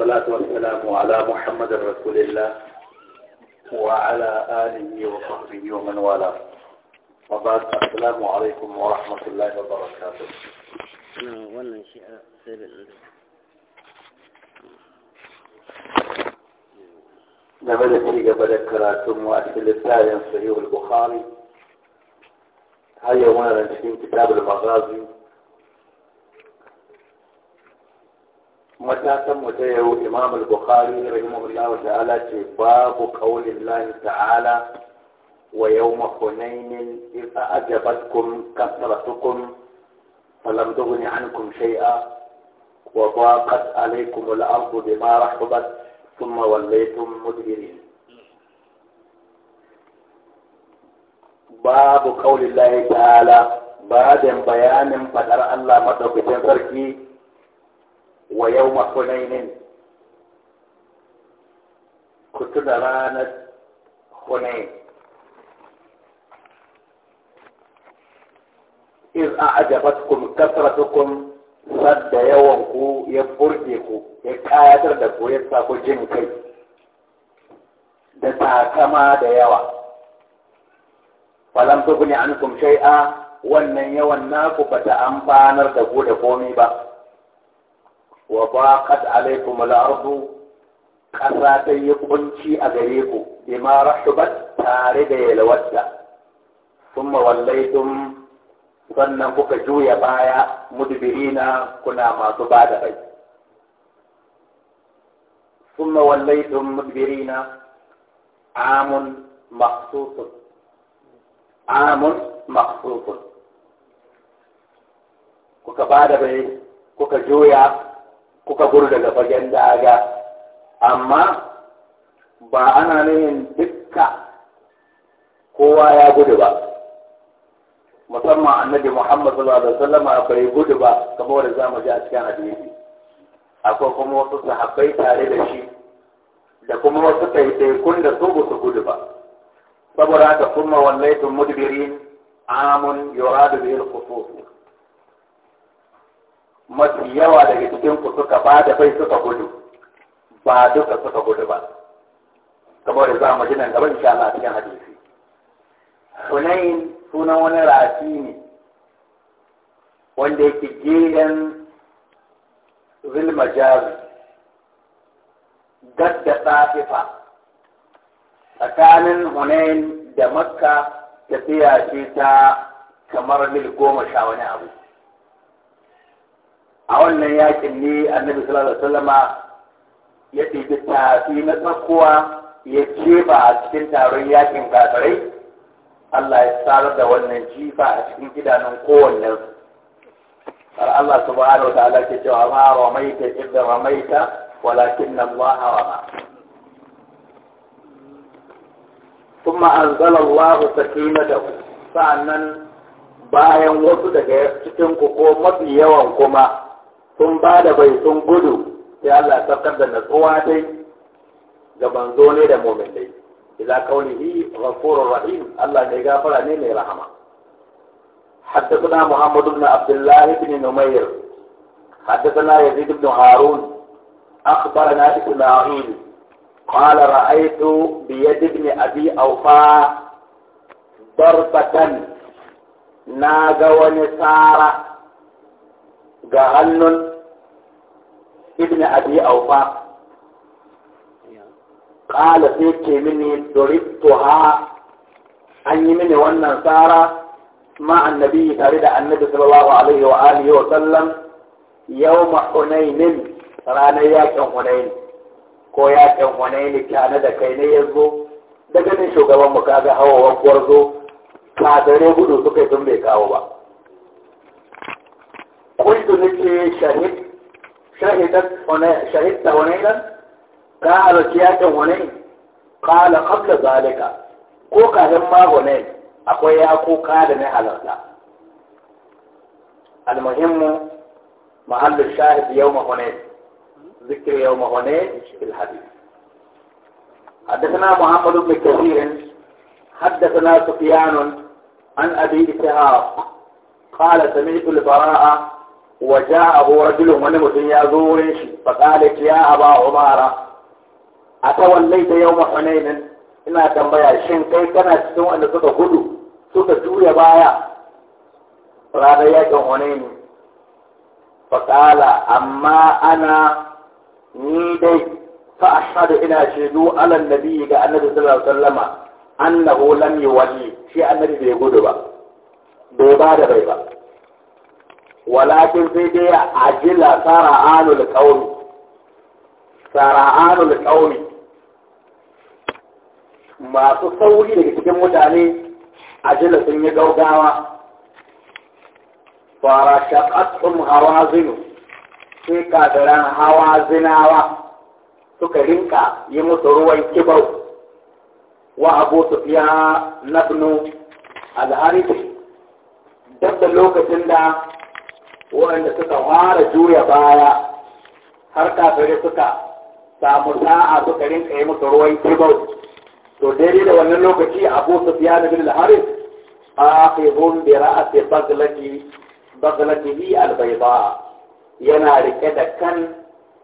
والصلاة والسلام على محمد رسول الله وعلى آله وصحبه ومن والاه وبعد السلام عليكم ورحمة الله وبركاته ولا شيء game da نبدأ في قبل karatun wasu littafin sahihul bukhari har yau muna da cikin matasan mu ta yau Imam al-Bukhari rahimahullahu ta'ala ce babu qaulin Allah ta'ala wa yawma hunainin idh a'jabatkum kasratukum falam tughni ankum shay'a wa daqat alaykum al-ardu bima rahabat thumma wallaytum mudbirin babu qaulin Allah ta'ala ba bayanin fadar Allah madaukakin sarki wa yau hunainin ku tuna ranar hunain iz a'jabatkum kun sadda yawan ku ya burge ku ya kayatar da ku ya sa ku jin kai da takama da yawa falam an ankum a wannan yawan naku bata amfanar da ku da komi ba wa baqat alaikum al-ardu ƙasa ta yi kunci a gare ku bima rahubat tare da yalwata thumma wallaytum sannan kuka juya baya mudbirina kuna masu bada bai thumma wallaytum mudbirina amun maqsusun amun maqsusun kuka bada bai kuka juya kuka daga fagen daga amma ba ana nuhin dukka kowa ya gudu ba musamman annabi Muhammad sallallahu alaihi wasallam bai gudu ba kamar da zamu ji a cikin hadisi akwai kuma wasu sahabbai tare da shi da kuma wasu taitaikun da su ba su gudu ba saboda ka kuma wallaitun mudbirin amun yuradu bihi al-khusus mafi yawa daga cikin ku suka ba da bai suka gudu ba duka suka gudu ba kamar da zama mu ji nan gaba insha Allah cikin hadisi Hunain sunan wani rafi ne wanda yake jari zilmajazi da tsafifa tsakanin Hunain da Makka tafiya ce ta kamar mil goma sha wani abu a wannan yakin ne annabi sallallahu alaihi wasallama ya ɗibi tafi na tsakuwa ya jefa a cikin taron yakin kafirai Allah ya tsarar da wannan jifa a cikin gidanin kowannen har Allah subhanahu wa ta'ala ke cewa ma ramaita idda ramaita walakin Allah rama ثم أنزل الله سكينته sa'annan bayan wasu daga cikin ku ko mafi yawan kuma sun ba da bai sun gudu sai Allah ya saukar da natsuwa dai ga banzo ne da mu'min dai idza qawlihi ghafurur rahim Allah ne gafara ne mai rahama حدثنا محمد بن عبد الله بن نمير حدثنا يزيد بن هارون أخبرنا إسماعيل قال رأيت بيد ابن أبي أوفاء ضربة ناغ ونسارة ga hannun ibn abi aufa kala sai ke mini dorituha an yi mini wannan tsara ma annabi tare da annabi sallallahu alaihi wa alihi wa sallam yawma hunainin ranar yakin hunain ko yakin hunain tare da kai ne yazo daga nan shugaban mu kaga hawa gwarzo kadare gudu suka yi sun bai kawo ba kuntu nake shahid شهدت هنا شهدت هنيلا قال يا هنين قال قبل ذلك كوكا kafin ma hunain akwai كوكا kuka da المهم محل الشاهد يوم هنيل ذكر يوم هنيل في الحديث حدثنا محمد بن كثير حدثنا سفيان عن أبي إسحاق قال سمعت البراءة a abu rajulun wani mutum ya zo wurin shi fa qala ya aba umara atawallaita yau hunainin ina tambaya shin kai kana cikin wanda suka gudu suka juya baya ranar yakin hunaini fa amma ana ni dai fa ashadu ina shaidu alal nabi ga annabi sallallahu alaihi wasallama annahu lam yuwalli shi annabi bai gudu ba bai ba da bai ba walakin sai dai ajila sara'anul qaumi sara'anul qaumi masu sauri daga cikin mutane ajila sun yi gaugawa fara shaqatum hawazinu sai kafiran hawazinawa suka rinka yi musu ruwan kibau wa abu sufiya nabnu al-harith lokacin da waɗanda suka fara juya baya har kafirai suka samu sa'a suka rinka yi musu ruwan kibau to daidai da wannan lokaci abu sufyan bin al-haris akhidhun bi ra'si baghlati baghlatihi al-bayda yana rike da kan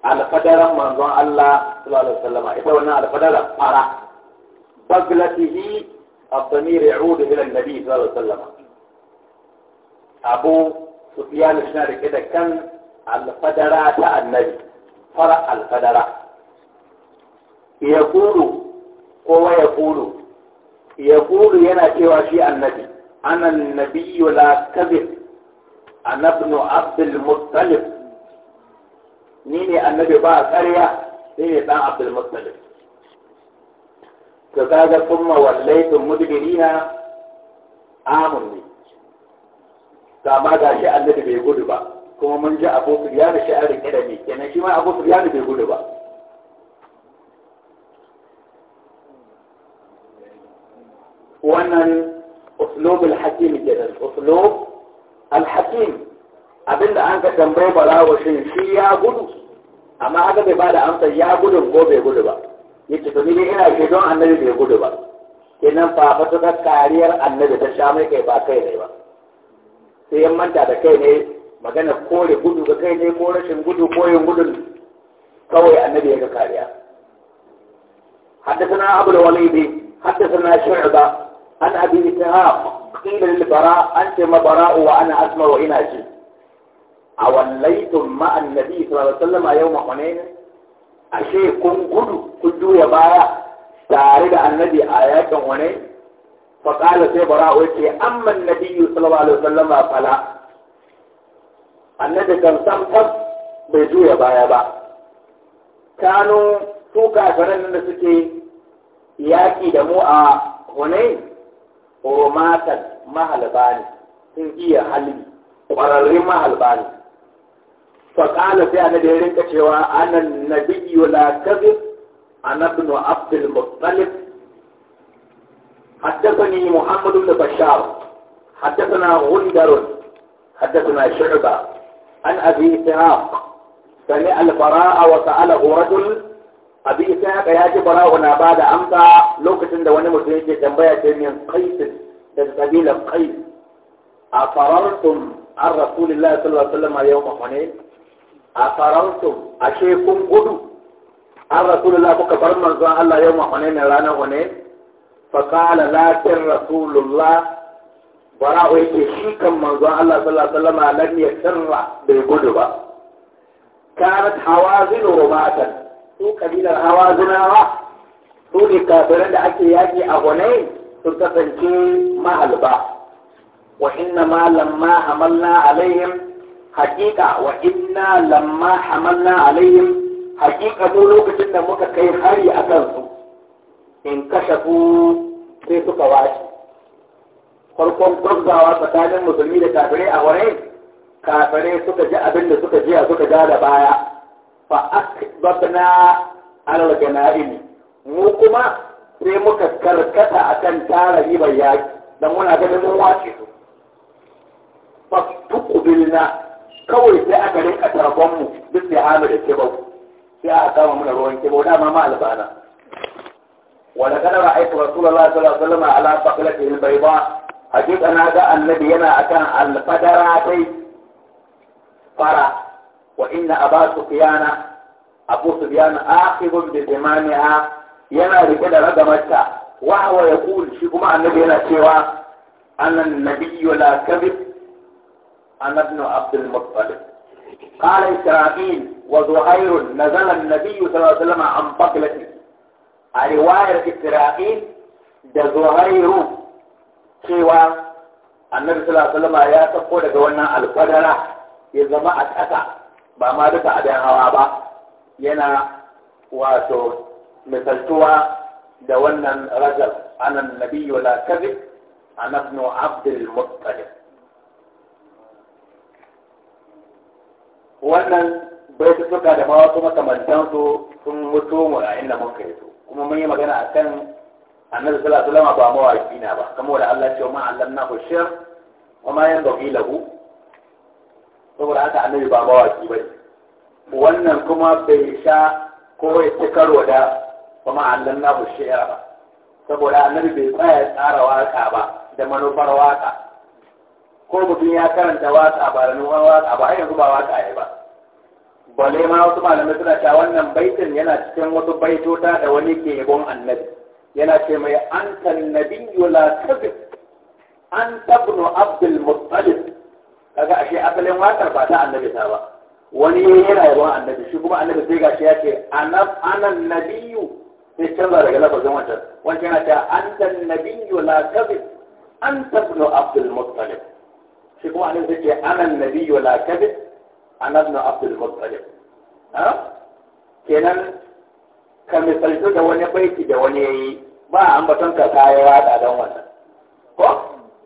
alfadaran manzon Allah sallallahu alaihi wasallam ita wannan alfadaran fara baghlatihi الضمير يعود إلى النبي صلى الله عليه وسلم أبو سفيان الشاري كده كان القدرات النجم فرأ القدرات يقول هو يقول يقول ينا كيو أشياء النبي أنا النبي لا كذب أنا ابن عبد المطلب نيني النبي بقى كريا نيني بقى عبد المطلب فقال ثم وليتم مدبرين آمني kama gashi Allah bai gudu ba kuma mun ji Abu Sufyan shi a rike da me kenan shi ma Abu Sufyan bai gudu ba wannan أسلوب الحكيم جدا أسلوب الحكيم أبن أنك تنبو بلا وشين شي يا قدو أما هذا ببعد أنت يا قدو بو بي قدو با يتفني إلا شدو أنه بي قدو با إنا فافتك كارير أنه بتشامي كي باكي ريبا با. sai yan manta da kai ne magana kore gudu ga kai ne ko rashin gudu ko yin gudun kawai annabi ya ga kariya na abu da wani bi haddathana shu'ba an abi ishaq qila lil bara an ce ma bara uwa ana asma wa ina ji awallaytu ma annabi sallallahu alaihi wasallam yawm hunain ashe kun gudu ku juya baya tare da annabi a yakin hunain faƙala sai bara'u yake amman nabiyyu sallallahu alaihi wasallam fala annabi kan sam tab bai juya baya ba kanu su kafiran da suke yaƙi da mu a hunai romatan mahalba sun iya halbi ƙwararrun mahalba ne faƙala sai annabi ya rinka cewa anan nabiyyu la kadhib anabnu abdul muttalib حدثني محمد بن بشار حدثنا غندر حدثنا شعبة عن أبي إسحاق سمع البراء وسأله رجل أبي إسحاق يا براء هنا بعد أمسى لوكة دواني مسلمين تنبيه من قيس تنبيه قيس أقررتم عن رسول الله صلى الله عليه وسلم يوم حنين أقررتم أشيكم قدو عن رسول الله فكبر من الله يوم حنين رانا حنين faƙala lakin rasulullah bara'u yake shi kan manzon Allah sallallahu alaihi wasallam lam bai gudu ba kanat hawazinu rubatan su kabilar hawazinawa su ne kafiran da ake yaƙi a hunain sun kasance mahalba wa inna ma lamma hamalna alaihim haqiqa wa inna lamma hamalna alaihim haqiqa mu lokacin da muka kai hari a kansu in kashafu sai suka washe farkon tsakanin musulmi da kafirai a wurin kafirai suka ji abin da suka jiya suka ja da baya fa akbabna alal ganaimi mu kuma sai muka karkata a kan tara ribar yaki dan muna ganin mun wace su fa tuqbilna kawai sai aka rinka tarkon mu duk da amir da kibau sai aka kama muna ruwan kibau dama ma albana ولكن رأيت رسول الله صلى الله عليه وسلم على صقلته البيضاء أجد أن هذا النبي أنا أكان القدرات فرع وإن أبا سفيان أبو سفيان آخذ بزمانها ينا رجل رقمتها وهو يقول شكما النبي لا سوى أن النبي لا كذب أنا ابن عبد المطلب قال إسرائيل وزهير نزل النبي صلى الله عليه وسلم عن بقلته الرواية الإسرائي ده ظهيره سوى النبي صلى الله عليه وسلم يا تقول لك وانا القدرة إذا ما أتأتى بما دفع بين هوابا ينا واتو مثل توا ده وانا رجل أنا النبي ولا كذب أنا ابن عبد المطلب وانا بيت فكا دماغتو ما تمنتانتو ثم تومو لا إلا مكيتو kuma mun yi magana akan annabi sallallahu alaihi wasallam ba mawaki ne ba kuma da Allah ya ce ma allamnahu shi'r wa ma yanbaghi lahu saboda haka annabi ba mawaki bane wannan kuma bai sha ko ya ci karo da kuma allan na shi'ar ba saboda annabi bai tsaya tsara waka ba da manufar waka ko mutum ya karanta waka ba da nufar waka ba har yanzu ba waka ya ba balle ma wasu malamai suna cewa wannan baitin yana cikin wasu baitota da wani ke yabon annabi yana ce mai an antan nabiyyu la kadhib an tabnu abdul muttalib kaga ashe asalin wakar ba ta annabi ta ba wani yana yabon annabi shi kuma annabi sai gashi ya ce ana anan nabiyyu sai canza daga lafazin wancan wancan yana cewa antan nabiyyu la kadhib an tabnu abdul muttalib shi kuma annabi sai ce anan nabiyyu la kadhib anas na abdul muttalib ha kenan ka misaltu da wani baiti da wani yayi ba an batun ka kaya wada don wannan ko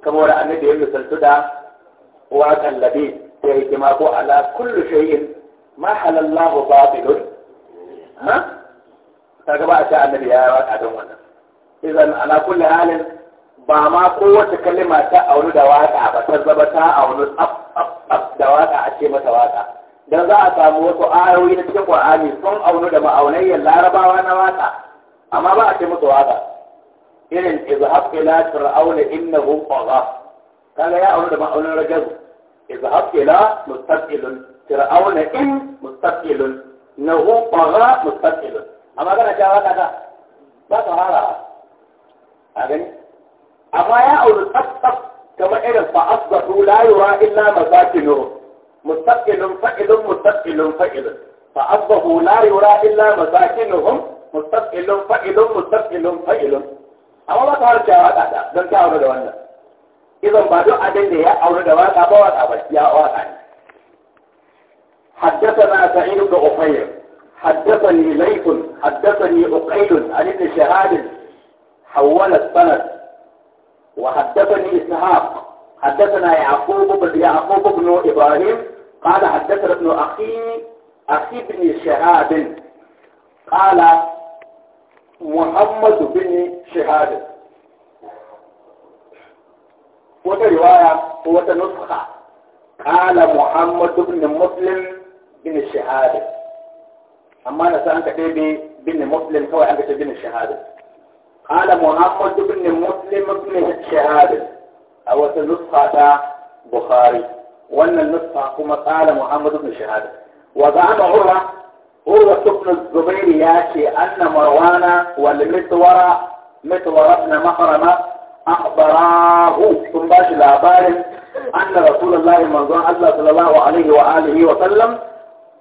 kamar da ya misaltu da waƙan labi da hikima ko ala kullu shay'in ma halallahu batilun ha kaga ba a ce annabi ya wada don wannan idan ala kulli halin ba ma kowace kalima ta aunu da waka ba ta zaba ta aunu da waka a ce mata waka dan za a samu wasu ayoyi na cikin Qur'ani sun aunu da ma'aunayyar larabawa na waka amma ba a ce musu waka irin izhab ila fir'auna innahu tagha kaga ya aunu da ma'aunin rajaz izhab ila mustaqil fir'auna in mustaqil nahu tagha mustaqil amma kana cewa waka da ba ta fara a gani amma ya aunu tsaf كما إذا فأصبحوا لا يرى إلا مساكنه مستقل فئل مستقل فئل فأصبحوا لا يرى إلا مساكنهم مستقل فئل مستقل فئل amma ما ta harce هذا ta don ta aure da wannan idan ba duk abin da ya aure da waka ba waka ba حدثنا سعيد بن عفير حدثني ليث حدثني عقيل عن ابن شهاد حولت بنت وحدثني إسحاق حدثنا يعقوب بن يعقوب بن إبراهيم قال حدثنا ابن أخي أخي بن شهاد قال محمد بن شهاد وفي رواية وتنسخة قال محمد بن مسلم بن شهاد أما أنا كيف بن مسلم هو عندك بن شهاد قال محمد بن مسلم بن الشهاده أو النسخه بخاري وأن النسخة كما قال محمد بن الشهاده وزعم عروة هو بن الزبير ياتي أن مروان والمتور متور بن مخرمة أخبراه ثم باش الأبار أن رسول الله منظر الله صلى الله عليه وآله وسلم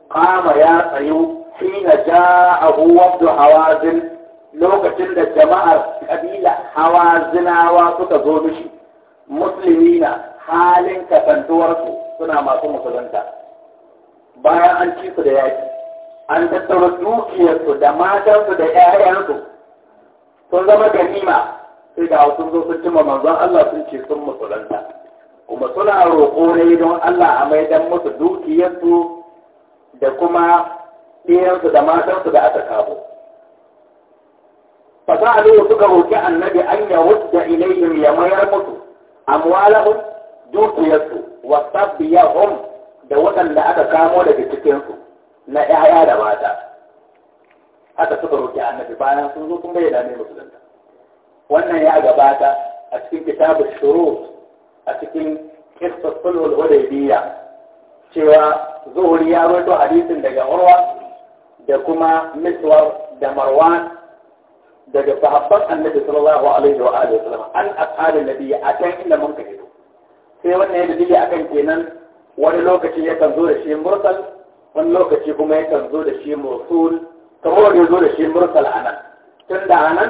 قام يا ايوب حين جاءه وفد حوازن lokacin da jama'ar kabila hawa zinawa suka zo mishi musulmi na halin kasantuwarsu suna masu musulunta bayan an ci su da yaki an tattara dukiyarsu da matansu da 'ya'yansu sun zama ganima sai ga sun zo sun cimma manzon Allah sun ce sun musulunta kuma suna roƙo ne don Allah a maidan musu dukiyarsu da kuma ɗiyansu da matansu da aka kabo فسألوا suka roki annabi an ya wadda ilayhim ya mayar musu amwalahum dukiyarsu wa hom da waɗanda aka kamo daga cikinsu na ‘ya'ya da mata haka suka roki annabi bayan sun zo sun bayyana ne musulunta wannan ya gabata a cikin kitabu shuru a cikin kisar sulhul hudaybiya cewa zuhuri ya rawaito hadisin daga urwa da kuma miswar da marwan daga sahabban annabi sallallahu alaihi wa alihi wasallam an ashabin nabi kan inda mun ka hito sai wannan yadda yake akan kenan wani lokaci ya kan zo da shi mursal wani lokaci kuma ya kan zo da shi mursul kamar wanda zo da shi mursal anan tun da anan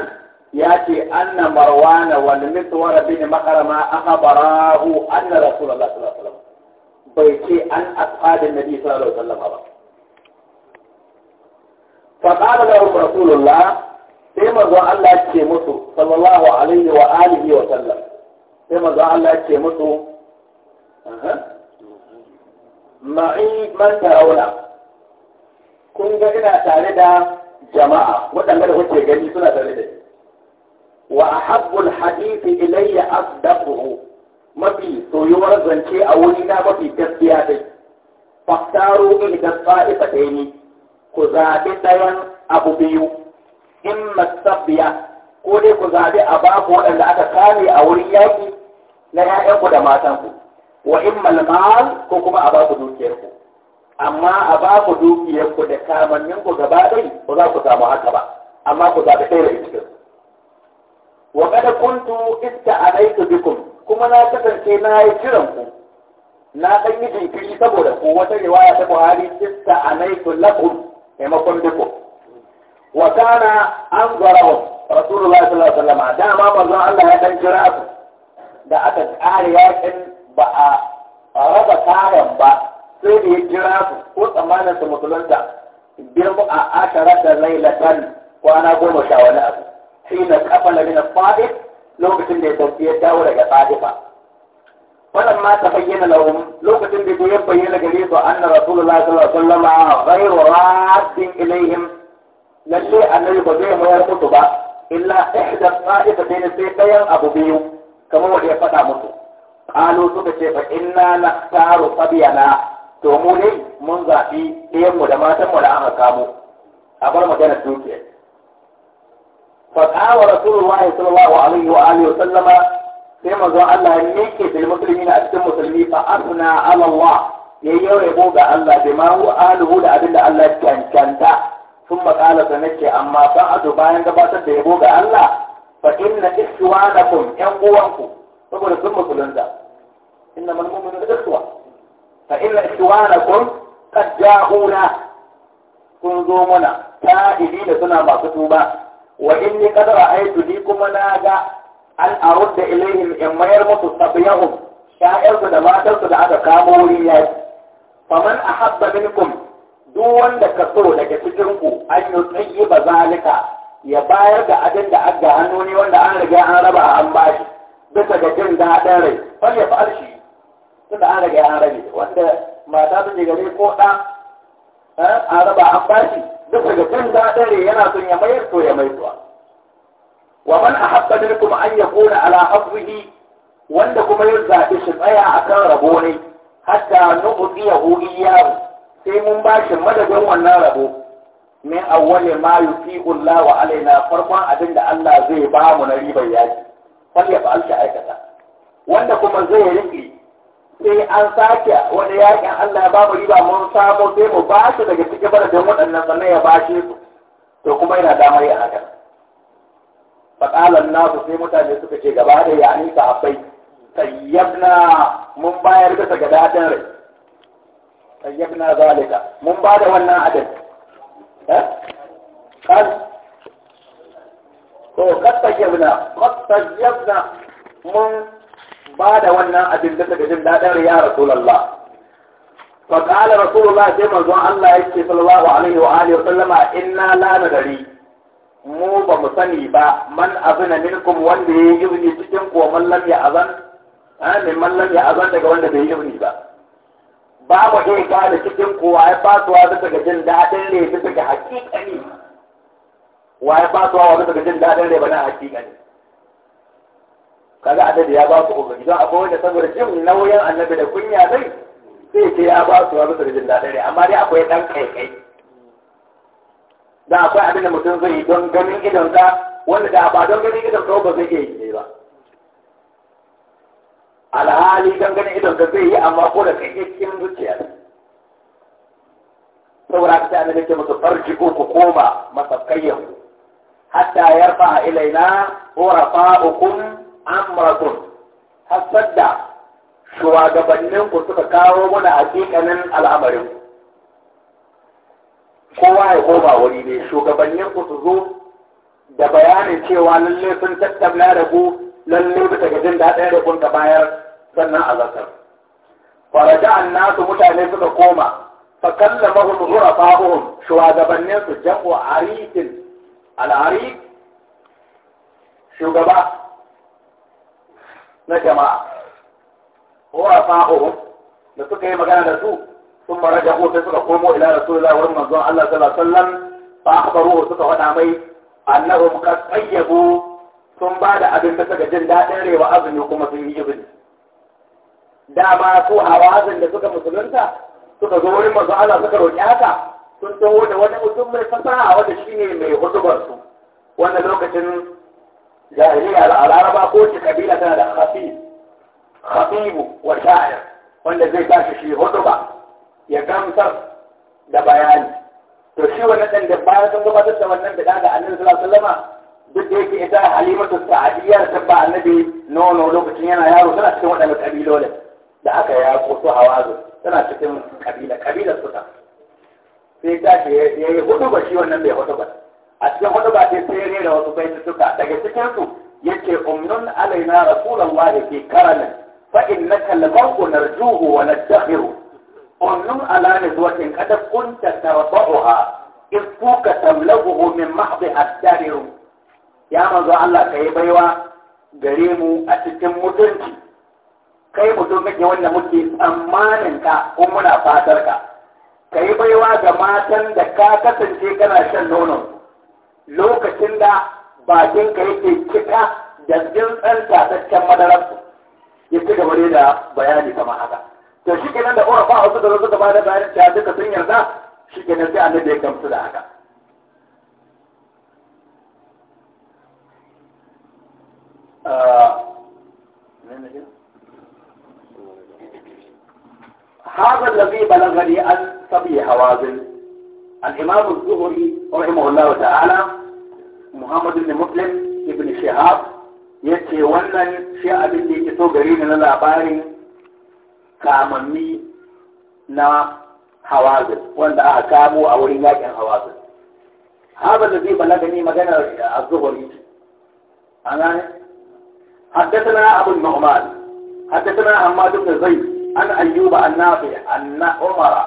ya ce anna marwana wal miswar bin makarama akhbarahu anna rasulullah sallallahu alaihi wasallam bai ce an ashabin nabi sallallahu alaihi wasallam ba fa qala lahu rasulullah sai manzon Allah ya ce musu sallallahu alaihi wa alihi wa sallam sai manzon Allah ya ce musu ma'i man tarawna kun ga ina tare da jama'a waɗanda da kuke gani suna tare da wa ahabbul hadithi ilayya asdaquhu mafi soyuwar zance a wuri na mafi gaskiya dai faktaru ilga fa'ifa ɗaya ku zaɓi ɗayan abu biyu in masabiya ko dai ku zabi a baku waɗanda aka kame a wurin yaƙi na ‘ya'yanku da matanku wa in malmal ko kuma a baku dukiyarku amma a dukiyarku da kamanninku gaba ɗai ba za ku samu haka ba amma ku zaɓi ɗaya da cikin wa kada kuntu ita a alaiku bikum kuma na kasance na yi kiran ku na ɗan yi jinkiri saboda ku wata riwaya ta Buhari iska alaiku lakum maimakon bikum وكان أنظرهم رسول الله صلى الله عليه وسلم دا ما مظهر الله هذا الجراف دا أتت آلي يرحل بقى ربا كارم بقى سيدي الجراف قلت ما نسي مطلنسا بمقى عشرة ليلة وأنا أقول مشاولة حين كفل من الصادق لو كتن دي تنسي الدولة كصادقة ولما تبين لهم لو كتن دي تنسي أن رسول الله صلى الله عليه وسلم غير راد إليهم lalle annabi ba zai mayar mutu ba illa ihda qa'ifatayn sai ɗayan abu biyu kamar wanda ya faɗa musu qalu suka ce fa inna naktaru sabiyana to mu ne mun zafi. ɗayan mu da matan mu da aka kamo a bar magana duke fa qala rasulullahi sallallahu alaihi wa alihi wa sallama sai manzo Allah ya nike bil muslimina a cikin musulmi fa asna ala Allah yayyo rebo ga Allah ma hu aluhu da abinda Allah ya cancanta sun maƙala da nake amma sun ba'adu bayan gabatar da yabo ga Allah fa inna ikhwanakum yan uwanku saboda sun musulunta inna mal mu'minu ikhwa fa inna ikhwanakum qad ja'una kun zo mana ta'ibi da suna masu tuba wa inni qad ra'aytu li kuma na ga an arudda ilaihim in mayar musu sabiyahum sha'irsu da matarsu da aka kamo wuri yayi faman ahabba minkum duk wanda ka so daga cikin ku an yi tsayi ba zalika ya bayar da abin da an ga hannu ne wanda an riga an raba an bashi bisa ga jin daɗin rai fal ya fa'al shi tunda an riga an rabe wanda mata ta je gare ko ɗa eh, an raba an bashi bisa ga jin daɗin rai yana son ya mayar to ya mai zuwa wa man ahabba minkum an yakuna ala hafzihi wanda kuma ya zaɓi shi tsaya akan rabo ne hatta nu'tiyahu iyyahu sai mun ba shi madadin wannan rabo min awwali ma yufiqu Allah wa alaina farkon abin da Allah zai ba mu na ribar yaki kan ya fa'al shi aikata wanda kuma zai riƙe sai an sake wani yakin Allah ya ba mu riba mun samu sai mu ba shi daga cikin madadin waɗannan sannan ya ba shi su to kuma yana damar yin haka faƙalar nasu sai mutane suka ce gaba da yani sahabbai tayyabna mun bayar bisa ga dadin rai kayyabna zalika mun ba da wannan adal eh kan to katta mun ba da wannan adal da daga jin dadar ya rasulullah fa qala rasulullah sai manzo Allah yake sallallahu alaihi wa alihi wa sallama inna la nadari mu ba mu sani ba man abuna minkum wanda yayi izini cikin ko mallam ya azan eh min mallam azan daga wanda bai yi izini ba babu ɗin ka da cikin kowa ya fasuwa bisa ga jin daɗin ne bisa ga hakikani wa ya fasuwa wa bisa ga jin daɗin ne ba na hakikani kaga annabi ya ba su umarni don akwai wanda saboda jin nauyin annabi da kunya zai sai ce ya ba su wa bisa ga jin daɗin ne amma dai akwai ɗan kaikai da akwai abin da mutum zai yi don ganin idon ka wanda da ba don ganin idon ka ba zai iya yi ba alhali don ganin idon ka zai yi amma ko da kai yake saboda haka sai annabi ce musu farji'u ku koma masakayyan hatta yarfa ilaina urafa'ukum amrakum hasadda shugabannin ku suka kawo mana hakikanin al'amarin kowa ya koma wuri ne shugabannin ku su zo da bayanin cewa lalle sun tattauna da ku lalle bisa ga jin daɗin da kun ka bayar sannan a zartar faraja annasu mutane suka koma فكلمهم غرفاؤهم shugabannin su jam'u arikin al'arik shugaba na jama'a غرفاؤهم da suka yi magana da su sun mara jago sai suka komo ila rasulullahi wurin manzon Allah sallallahu alaihi wasallam fa akhbaruhu suka faɗa mai annahum qad qayyabu sun ba da abin da suka jin daɗin rewa azumi kuma sun yi ibn dama su hawazin da suka musulunta suka zo wurin manzo Allah suka roƙi haka sun taho da wani mutum mai fasaha wanda shine mai hudubar su wannan lokacin jahiliya al'araba ko ce kabila tana da khafi khafibu wa sha'ir wanda zai tashi shi huduba ya gamsar da bayani to shi wannan dan da bayan sun gabatar da wannan da daga annabi sallallahu alaihi wasallam duk da yake ita halimatu sa'adiyya ta ba annabi nono lokacin yana yaro tana cikin waɗannan kabilolin da aka yako su hawazo tana cikin kabila kabila suka sai ta ce ya yi hudu ba shi wannan bai hudu ba a cikin hudu ba sai sai rera wasu bai su suka daga cikin su yace umnun alaina rasulullahi fi karamin fa innaka lamarqu narjuhu wa nadakhiru umnun ala nizwatin qad kunta tarfa'uha إذ كوك تبلغه من محض الدار يا manzo Allah ka yi baiwa gare mu a cikin mutunci kai mutum kake wanda muke tsammanin ka ko muna fatar ka ka yi baiwa ga matan da ka kasance kana shan nono lokacin da bakin ka yake cika da tsantsan tasaccen madarar su ya ci gaba da bayani kamar haka to shi kenan da ƙorafa a wasu da suka ba da bayan cewa duka sun yarda shi kenan sai an ya gamsu da haka Uh, هذا الذي بلغني عن صبي حوازن الإمام الزهري رحمه الله تعالى محمد بن مسلم ابن شهاب يتي ونن شيء abin da yake so gari ne na labarin kamanni na hawazin أو aka kamo a هذا الذي بلغني مجانا الزهري أنا حدثنا أبو النعمان حدثنا حماد بن زيد عن أيوب النافع أن عمر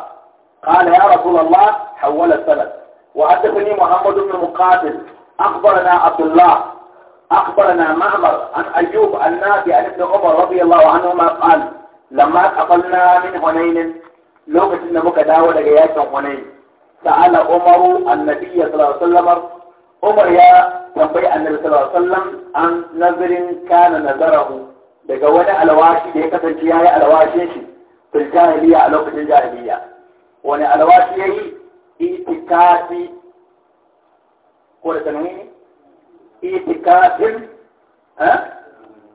قال يا رسول الله حول السند وحدثني محمد بن مقاتل أخبرنا عبد الله أخبرنا معمر عن أيوب النافع عن ابن عمر رضي الله عنهما قال لما قبلنا من هنين لو إن مك داود جياش هنين سأل عمر النبي صلى الله عليه وسلم عمر يا تنبي النبي صلى الله عليه وسلم عن نذر كان نذره daga wani alawashi da ya kasance ya yi alwashin shi fil jahiliya a lokacin jahiliya wani alawashi ya yi itikafi ko da tanwini itikafin eh?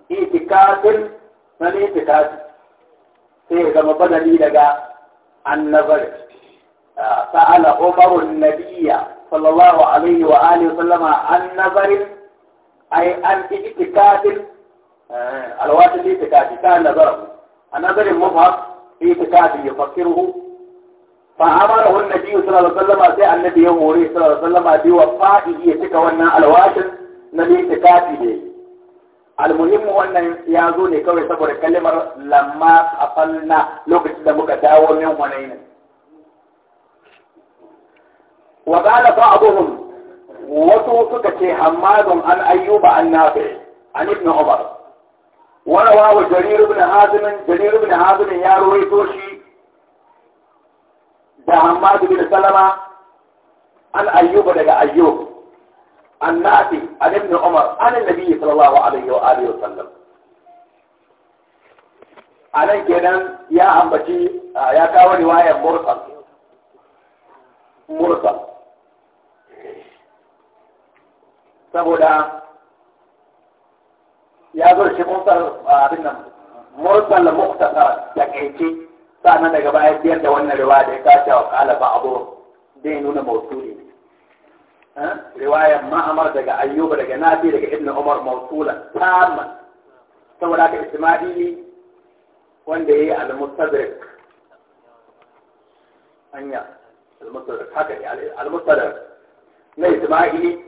itikafin na itikafi sai ya zama badali daga annabar ah, sa'ala umarun nabiyya sallallahu alaihi wa alihi wa sallama annabarin ay an itikafin آه، الواحد في تكاتي كان نظره النظر المظهر في تكاتي يفكره فعمره النبي صلى الله عليه وسلم أتى النبي يوم صلى الله عليه وسلم أتى وفائه يتكونا الواحد نبي تكاتي دي المهم هو أن يعزون يكوي صبر كلمة لما أقلنا لو كنت دمك داوة يوم وقال بعضهم وتوسك شيء حماد عن أيوب عن نافع عن ابن عمر warawa wa jarir ibn hazim jarir ibn hazim ya ruwaito shi da hammad bin salama an ayyuba daga ayyub an nafi an ibn umar an annabi sallallahu alaihi wa alihi wa sallam anan kenan ya ambaci ya kawo riwayar mursal mursal saboda ya zo shi mun san abin nan mursal la muktasar ya kaice sannan daga baya biyar da wannan riwaya da ya kace wa qala ba abu dai nuna mawsuli riwayar ma'amar daga ayyuba daga nafi daga ibnu umar mawsula tamma saboda haka isma'ili wanda yayi al-mustadrak anya al-mustadrak haka al-mustadrak na isma'ili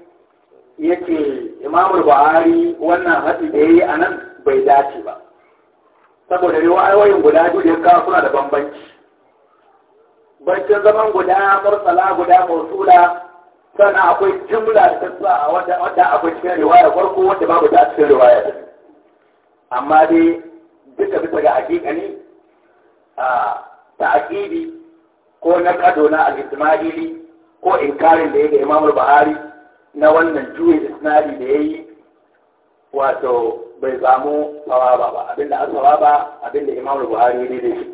Yake Imam Buhari wannan haɗi da ya yi a nan bai dace ba saboda riwayoyin guda biyu da suna da bambanci bancin zaman guda mursala guda mausula sannan akwai jumla da tasa wadda akwai cikin riwaya farko wadda babu ta cikin riwaya ta amma dai duka bisa ga hakika ne a ta'aqidi ko na kadona a al-Ismaili ko inkarin da ga Imam Buhari na wannan juyin isnadi da ya wato bai samu sawaba ba abinda an sawaba abinda imamu buhari ne dai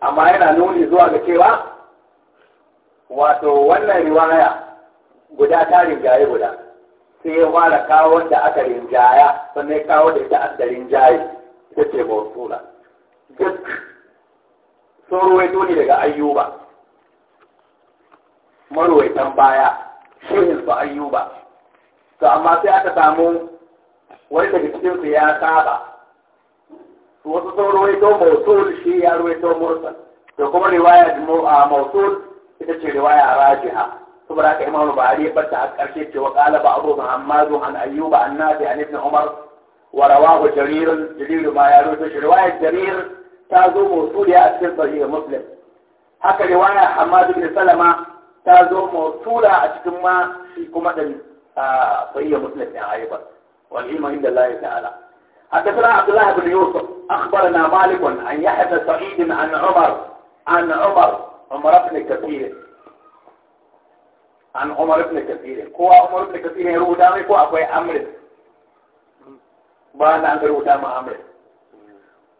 amma yana nuni zuwa ga cewa wato wannan riwaya guda ta rinjaye guda sai ya fara kawo da aka rinjaya sannan ya kawo da ita aka rinjaye ita ce mausula duk sun ruwaito ne daga ayyuba maruwaitan baya shehin su ayyuba to amma sai aka samu wani daga cikin su ya saba wasu sun ruwaito mausul shi ya ruwaito mursal da kuma riwaya mausul ita ce riwaya rajiha saboda haka imamu buhari ya bata a karshe cewa qala ba'du muhammadu an ayyuba an nafi an ibn umar wa rawahu jarir jarir ma ya ruwaito shi riwayar jarir ta zo mausul ya a cikin sahih muslim haka riwaya hamad ibn salama ta zo mawsula a cikin ma shi kuma din sayyiya muslim ya aiba wal ilmu inda Allah ta'ala حدثنا عبد الله بن يوسف أخبرنا مالك ان يحيى سعيد عن عمر عن عمر عمر بن كثير عن عمر بن كثير هو عمر بن كثير يروي دامي هو أخوي أمر بعد أن يروي دام أمر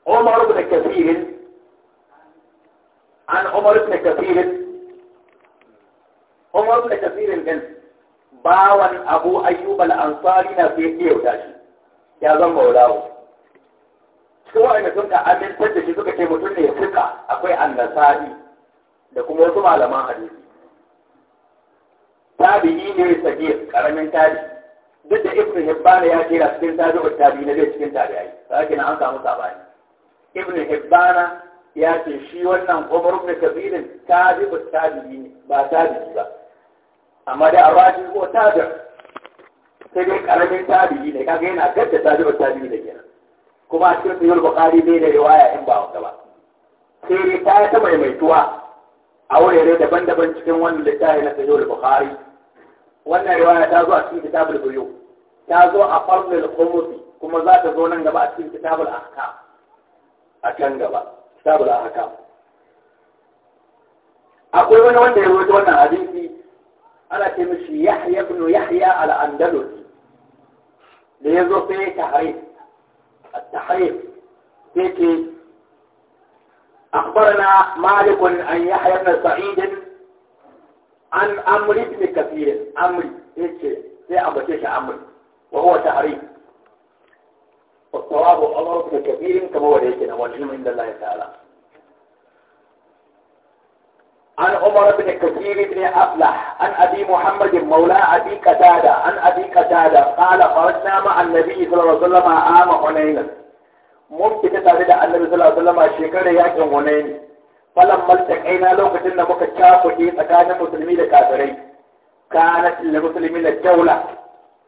عمر بن كثير عن عمر بن كثير Umar da Kathir al bawan Abu Ayyub al-Ansari na fiye ya wuta shi ya zan maulawo cikin wa'anda sun ka amintar da shi suka ce mutum ne suka akwai annasari da kuma wasu malaman hadisi tabi'i ne sage karamin tabi duk da ibnu hibban ya kira cikin tabi'u tabi na cikin tabi'ai sai na an samu sabani ibn hibban ya ce shi wannan Umar ibn Kabir tabi'u tabi'i ne ba tabi'i ba amma da arwaji ko tabi sai dai karamin tabi'i ne kaga yana gadda tabi'u tabi'i da kenan kuma a cikin sahih bukhari bai da riwaya in ba wanda ba sai dai ta ta maimaituwa a wurare daban-daban cikin wannan littafi na sahih bukhari wannan riwaya ta zo a cikin kitabul buyu ta zo a farnul khumusi kuma za ta zo nan gaba a cikin kitabul ahkam a can gaba kitabul haka akwai wani wanda ya rawaito wannan hadisi ana ce mishi Yahya ibn Yahya al-Andalusi da yazo sai tahrif at-tahrif yake أخبرنا مالك عن يحيى بن سعيد عن أمر بن كثير أمر إيش في أبو تيش أمر وهو تحريف والصواب أمر بكثير كما وليتنا والعلم عند الله تعالى عن عمر بن كثير بن أفلح عن أبي محمد مولى أبي قتادة عن أبي قتادة قال خرجنا مع النبي صلى الله عليه وسلم عام حنين ممكن أن النبي صلى الله عليه وسلم شكر ياكم حنين فلما التقينا لو قتلنا بك تشافوا في تكاد المسلمين الكافرين كانت المسلمين الجولة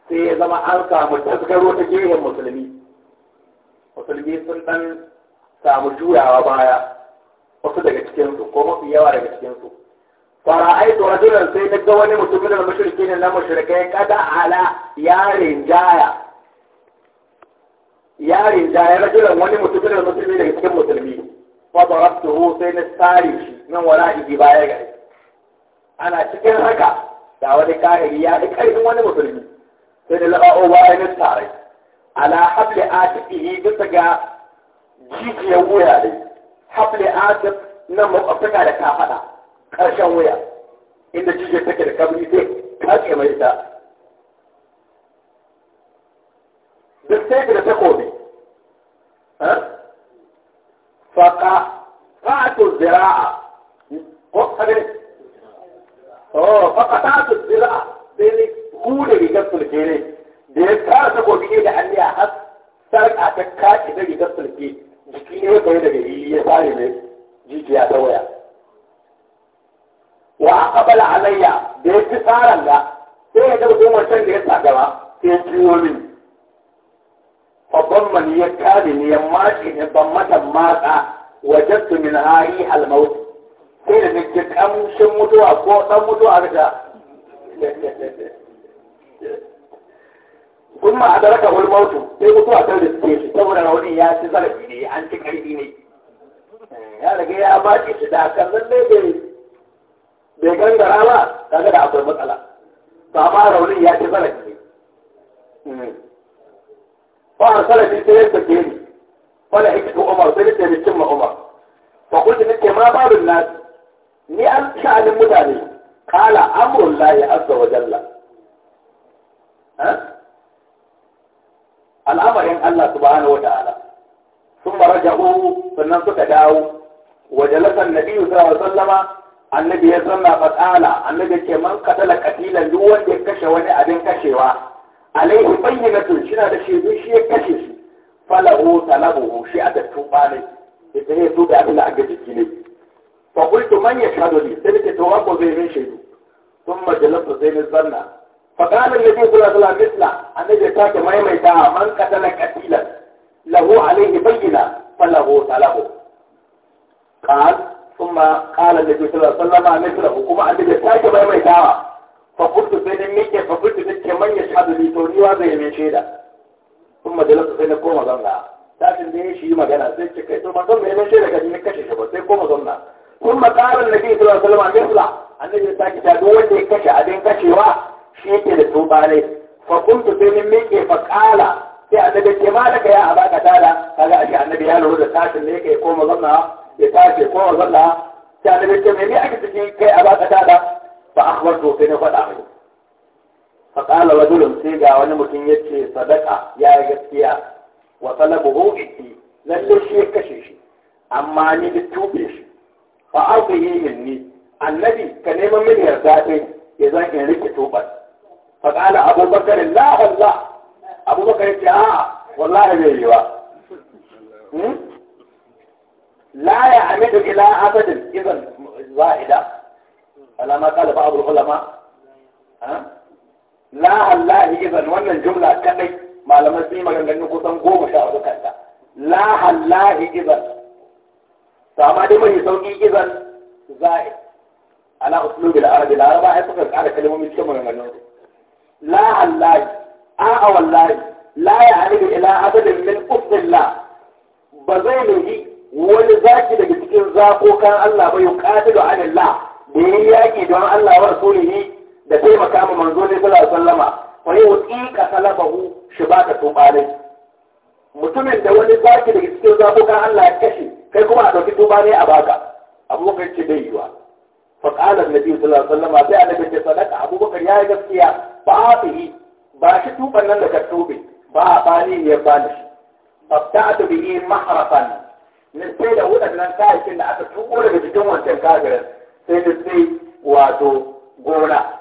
في زمان أنقى متذكروا تجيه المسلمين musulmi sun dan samu juyawa baya wasu daga cikinsu ko mafi yawa daga cikinsu fara fara'aitu rajulan sai na ga wani mutumin al-mushrikin na mushrikai kada ala yarin jaya yarin jaya rajulan wani mutumin da muslimi daga cikin musulmi fa darabtuhu sai na tsare shi nan wala idi baya gare ana cikin haka da wani kahiri ya da karfin wani musulmi sai da laba'o bayan tsare ala hable atihi bisa ga jijiyar wuya ne hable atif na makwabtaka da kafada karshen wuya inda jijiyar take da kabri zai kace mai ta duk sai da takobi faka fa'atu zira'a ko kage oh faka ta'atu zira'a sai ne hu da rigar sulke ne da ya ta takobi ne da hannu a har sarƙa ta kace da rigar sulke jiki ne yi daga yi ya fara mai jijiya ta waya wa aqbala alayya da ya ci tsaran da sai ya dauko wancan da ya sa gaba sai ya ciwo min babban mani ya kare ne ya mace ne ban mata matsa wajen su min hari halmauti. sai da nake kamshin mutuwa ko ɗan mutuwa da kun ma a daraka wani mautu sai mutuwa ta suke shi saboda rauni ya ci zarafi ne an ci karfi ne eh, ya rage ya baki shi da kan nan bai bai gangara ba kaga da akwai matsala ba ma raunin ya ci zarafi ne hmm. ba a salafi sai yadda ke ni wala hikitu umar sai nake rikin ma umar fa kulli nake ma babu nasi ni an sha'anin mutane kala Amurin lahi azza wa jalla ha al'amarin Allah subhanahu wata'ala sun maraja'u sannan suka dawo wa jalasan nabi sallallahu alaihi wasallama annabi ya zanna fatala annabi ce man katala katilan duk wanda ya kashe wani abin kashewa alaihi bayyinatu shi na da shaidu shi ya kashe shi falahu talabuhu shi a da tuba ne ita ne tuba abin da aka jiki ne fa qultu man yashhadu li sai ke to wako zai min shaidu thumma jalasa zain zanna فقال النبي صلى الله عليه وسلم مثله النبي ساك ما يميتا من قتل قتيلا له عليه بينة فله سله قال ثم قال النبي صلى الله عليه وسلم مثله كما النبي ساك ما يميتا فقلت بين ميك فقلت بك من يشهد لي توني وهذا من شيدا ثم جلست بين كوما زمنا لكن دي شيء ما جانا زي كده ثم ثم من شيدا كان يكشف بس كوما زمنا ثم قال النبي صلى الله عليه وسلم مثله النبي ساك جاء دول يكشف بعدين كشف shi ke da tubalai fa kuntu sai min miƙe fa ƙala sai annabi ke ma daga ya haɓa katala kaga ashe annabi ya lura da tashin ne kai koma zanna ya tashi koma zanna sai annabi ce me ake ciki kai a ba katala fa akhbartu sai na faɗa mai fa qala rajulun sai ga wani mutum yace sadaka ya yi gaskiya wa talabuhu itti lalle shi ya kashe shi amma ni da tube shi fa arzihi minni annabi ka neman min yarda ɗin ya zan in rike tubar فقال أبو بكر لا والله أبو بكر يا والله بيوا لا يعمد إلى أبد إذا واحدة على ما قال بعض العلماء لا الله إذا وأن الجملة كذي ما لم تسمى maganganun kusan goma sha hudu kanta la hallahi idan sama dai mai sauki idan za'id ala uslubil arabi laraba ai suka kara kalmomi cikin maganganun la الله a'a wallahi لا ya haribu ila من min الله ba zai nuhi wani zaki daga cikin zakokan Allah ba yau katilu anillah da yi yaƙi don Allah wa rasulihi da taimaka ma manzo ne sallallahu alaihi wasallama fa yau tsika salabahu shibaka tubale mutumin da wani zaki daga cikin Allah ya kashe kai kuma a dauki tubale a baka abubakar ce bai yiwa fa qala annabi sallallahu alaihi wasallama sai annabi ya sadaka abubakar ya yi gaskiya Ba bihi ba shi tuban nan da ka ba ba bani ya bani shi fabta'tu yi maharafan ne sai da wadannan kayakin da aka tuko daga cikin wancan kafirin sai da sai wato gona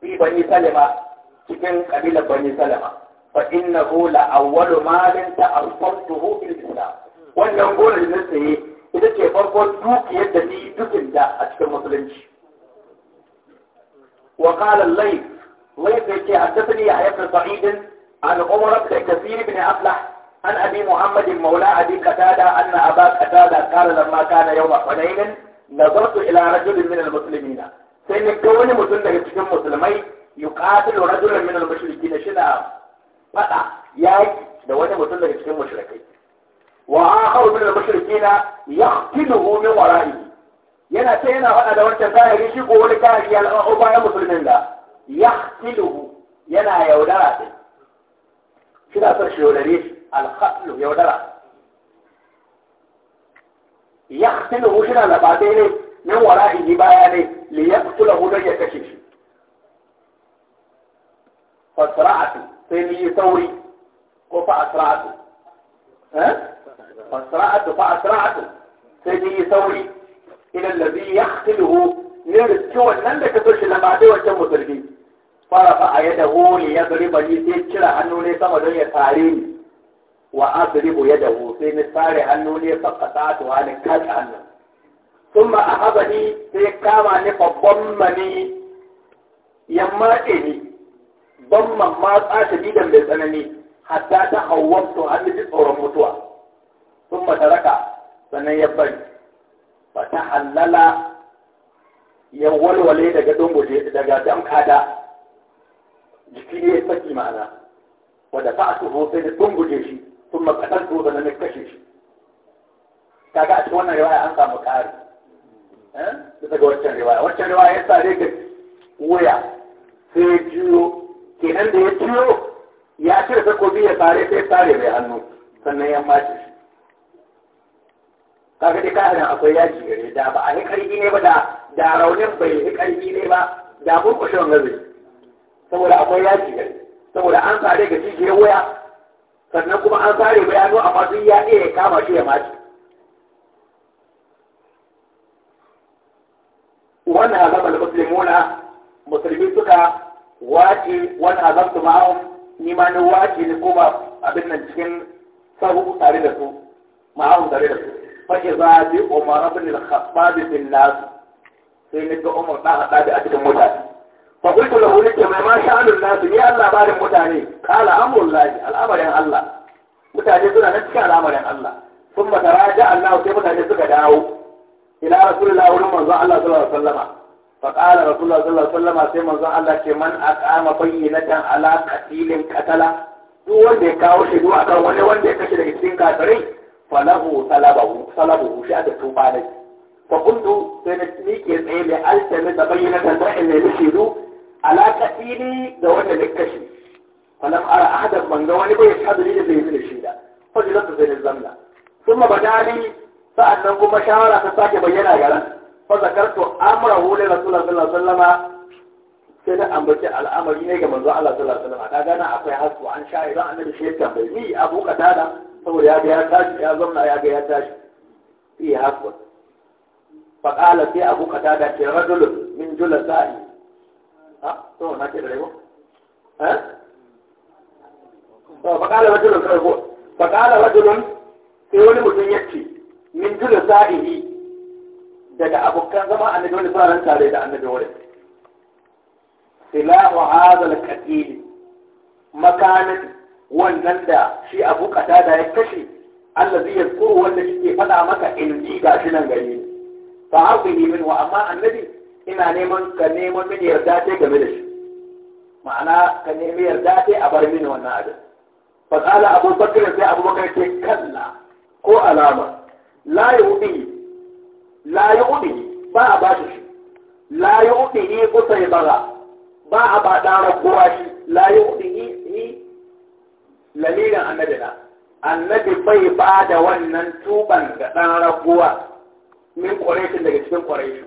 fi bani salima cikin kabilar bani salima fa innahu la awwalu malin ta'affatuhu fil islam wannan gonar da sai ita ce farko dukiyar da ni dukin da a cikin musulunci وقال الليل وذكي حدثني يحيى بن سعيد عن عمر بن كثير بن أفلح عن أبي محمد مولى أبي قتادة أن أبا قتادة قال لما كان يوم حنين نظرت إلى رجل من المسلمين سيدنا كوني مسلم لكتكم مسلمي يقاتل رجلا من المشركين شنا فتا ياك دواني مسلم لكتكم مشركين وآخر من المشركين يقتله من ورائه ينا سينا yana faɗa da wancan zahiri shi ko wani kahiri ya يختله ينا يودرا دي كده أصر شيولاريش الخطل يودرا يختله شنا لبعدين من وراء جبايا ليقتله دي يكشيش فاسرعت سيمي ثوري وفأسرعت ها؟ فاسرعت فأسرعت سيمي ثوري إلى الذي يختله نرسكوا النملة كتوش لما عدوا الجمع ترجيه farafa a yadda holi ya zuriba ni sai cire hannu ne sama don ya tare ni wa azribu ya dahu sai ni tare hannu ne ta to wani hannu sun ma a haɓa ni sai kama ni babban mani ya matse ni ban ma matsa ta mai tsanani hatta ta hawwabtu har ji tsoron mutuwa sun ma taraka sannan ya bari ba ta hallala ya walwale daga dungu daga jiki ne ya saki ma'ana wadda fa a tuho sai da tunguje shi kuma makaɗar to da na kashe shi kaga a cikin wannan riwaya an samu ƙari da eh? ga waccan riwaya Wancan riwaya ya sa ga wuya sai ya ke kenan da ya juyo? ya da takobi ya sare sai sare mai hannu sannan ya mace shi kaga dai kayan akwai yaji gare da ba a yi ƙarfi ne ba da raunin bai yi ƙarfi ne ba da burkushe wanga zai saboda akwai yaki gari saboda an sare ga jijiyar waya sannan kuma an sare bayano amma masu ya iya ya kama shi ya mace wannan azaba da musulmuna musulmi suka wace wani su ma'ahum ni ma ni wace ni kuma abin nan cikin sahu tare da su ma'ahum tare da su fashe za a bi umar abin da khattabi bin nasu sai ni ga umar ɗan haɗa da a cikin mutane fa kuntu lahu nake mai ma sha'anun nasu ni Allah barin mutane kala amrul lahi al'amarin Allah mutane suna na cikin al'amarin Allah sun ba taraja sai mutane suka dawo ila rasulullahi wurin manzo Allah sallallahu alaihi wasallama fa qala rasulullahi sai manzo Allah ce man aqama bayyinatan ala qatilin qatala duk wanda ya kawo shi zuwa kan wani wanda ya kashe daga cikin kafirai falahu salabahu salabahu shi aka tuba da shi fa na tsaye na tabayyana da alaƙa tsini da wanda duk kashi falam ara ahadan ban ga wani bai shahadu ne da zai yi da shi da fadi zata zai zanna sun ma badali sa'annan kuma shawara ta sake bayyana ga ran fa zakartu amrahu li rasulullah sallallahu alaihi sallama sai na ambaci al'amari ne ga manzo Allah sallallahu alaihi wasallam kaga nan akwai hasu an sha idan annabi shi ya tambayi ni abu katada saboda ya ga ya tashi ya zanna ya ga ya tashi fi hasu fa qala sai abu katada ke rajulun min julasa'i ha to na ce da rego ha to ko fa kala rajulun sai wani mutum ya ce min daga abokan zama annabi wani suna tare da annabi wani silahu hadal qatil makanin wannan da shi abu ya kashe allazi yazkuru wanda shi ke faɗa maka in ji gashi nan gari fa haqihi amma annabi ina neman ka neman mini yarda ce game da shi ma'ana ka nemi yarda ce a bar mini wannan abin fa qala abu bakr sai abu bakr ce kalla ko alama la yubi la yubi ba a ba shi la yubi ko sai bara ba a ba dara kowa shi la yubi ni lamirin annabi na annabi bai ba da wannan tuban ga dan raguwa min quraishin daga cikin quraishin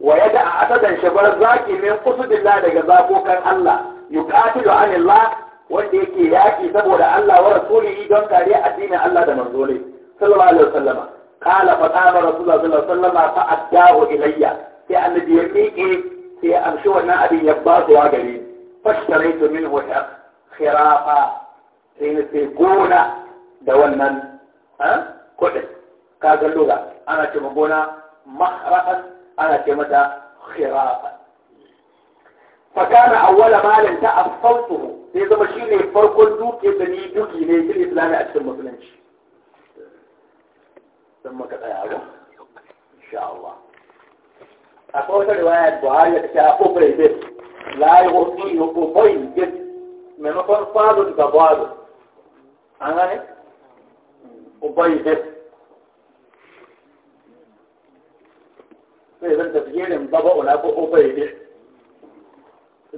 wa ya yada a asadan shabar zaki min kusudillah daga zakokan Allah yuqatilu anillah wanda yake yaki saboda Allah wa rasulihi don kare addinin Allah da manzo ne sallallahu alaihi wasallama qala fa qama rasulullah sallallahu alaihi wasallama fa addahu ilayya sai annabi ya miƙe sai an amshi wannan abin ya ba su gare ni fashtaraitu minhu khirafa sai na sai gona da wannan eh, kuɗin kagan lura ana ce gona mahraƙar أنا كمدى خرافة فكان أول ما لنتا أفضلته إذا مشينا يفرقوا لدو كيبني دو كيبني دو كيبني ثم كتا يا إن شاء الله أقول رواية بهاية كتاب بيت لا يغطي نقوفين جد من فاضل كبار أنا هيك إيه؟ وبيت sai zan tafiyerin baba una ko obayi bai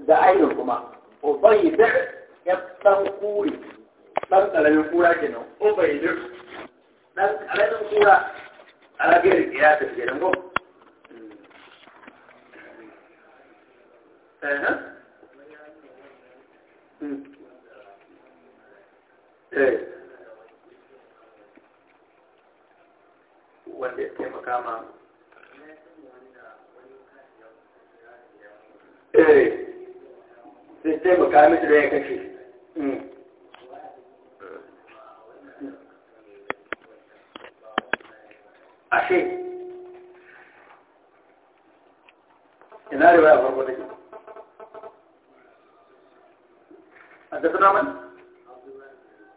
da ainihin kuma obayi bai ya ɗan kuri ɗan kura obayi kura a rabiyar ya ko eh, eh. Hmm. Eh. wanda ya taimaka ma eh sai taimaka mata da ya kashe hmm. ashe حدثنا من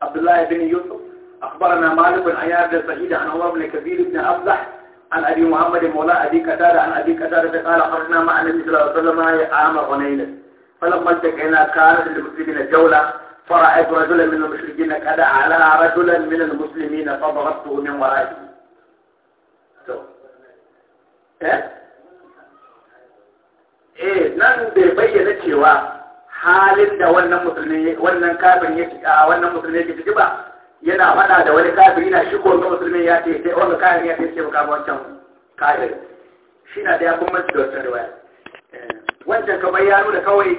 عبد الله بن يوسف أخبرنا مالك بن عياد بن سعيد عن عمر بن كبير بن أفلح عن أبي محمد مولى أبي كتادة عن أبي كتادة قال خرجنا مع النبي صلى الله عليه وسلم يا عام غنين فلما التقينا كانت المسلمين جولة فرأيت رجلا من المشركين كذا على رجلا من المسلمين فضربته من ورائه eh nan bai bayyana cewa halin da wannan musulmi wannan kafin yake a wannan musulmi yake ciki ba yana faɗa da wani kafiri na shi ko musulmi ya ce sai wanda kafiri ya ce ce maka wancan kafiri shi na da ya kuma da wancan riwaya eh, wancan kamar ya nuna kawai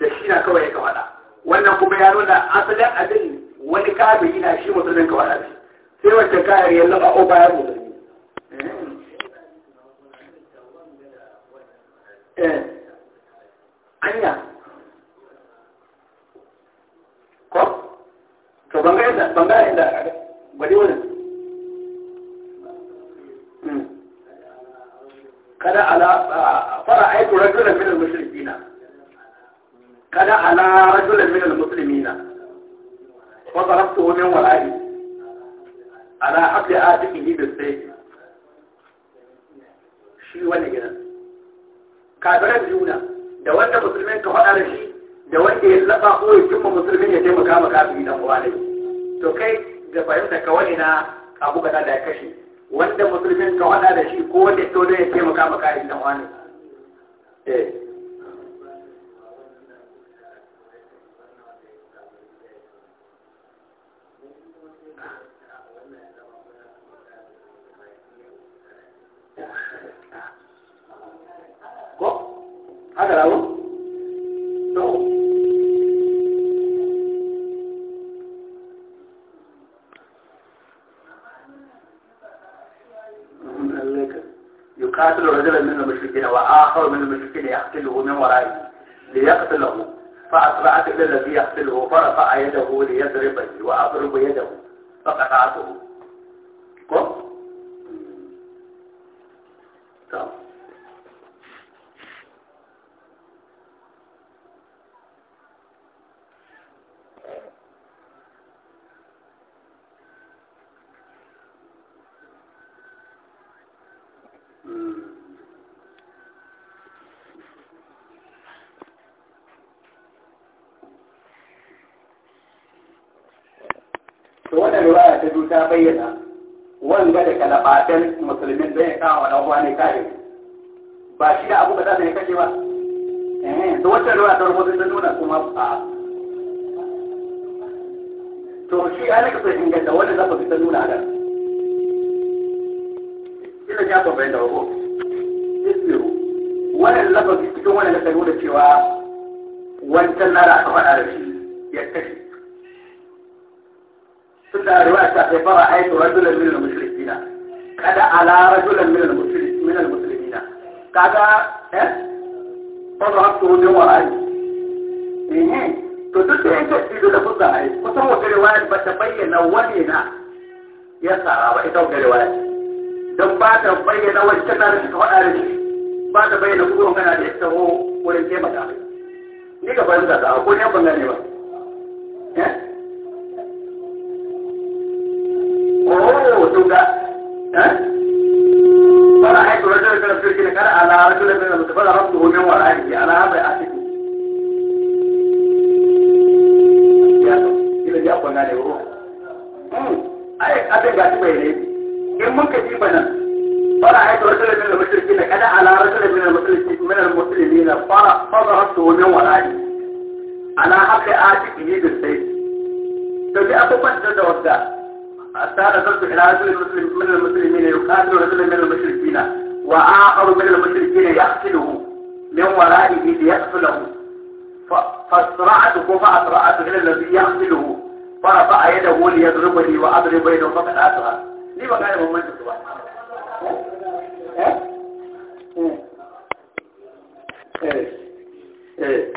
da shi na kawai ka faɗa wannan kuma ya nuna asalin abin wani kafiri na shi musulmin ka faɗa sai wancan kafiri ya lafa o bayan musulmi eh. Eh. anya ban ga yadda hmm. kada ala rajulan min al wa darabtu min wara'i ala habli atiqihi bis-sayf shi wani gidan kafiran juna da wanda musulmin ka faɗa da shi da wanda ya laɓa ko ya cimma musulmin ya taimaka ma kafiri dan uwa to kai da fahimta ka wani na abu kaza da ya kashe wanda musulmin ka wada da shi ko wanda to da ya taimaka maka a da wani eh ko haka rawo to يقاتل رجلا من المشركين وآخر من المشركين يقتله من ورائه ليقتله فأسرعت إلى الذي يقتله فرفع يده ليضربه وأضرب يده فقطعته ta bayyana wanga da kalabatan musulmin zai kawo wa ɗan wani kare ba shi da abu da zai kashe ba da wata ruwa ta rubutu ta nuna kuma a to shi ya naka sai inganta wanda za ku ta nuna da ina ya ba bayan da wako isiru wannan lafafi cikin wannan da cewa wancan nara aka faɗa da shi ya kashe tunda a ruwa ta kai fara aiki rajulan minal musulmina kada ala rajulan minal musulmina muslimina kaga eh ko da hakku ne wa ai ne to duk da yake ido da kusa ai kusan wata riwaya ba ta bayyana wani na ya tsara ba ita wata riwaya don ba ta bayyana wani ta da ta faɗa da shi ba ta bayyana kuma kana da ita ko wurin taimaka ni ga bayan da ta ko ne ban gane ba eh رجل من المشركين وآخر من المشركين يقتله من ورائه ليقتله فاصرعته فأسرعته إلى الذي يقتله فرفع يده ليضربني وأضرب بينه فقد أسرع ليه بقى يا ممن تسوى ايه ايه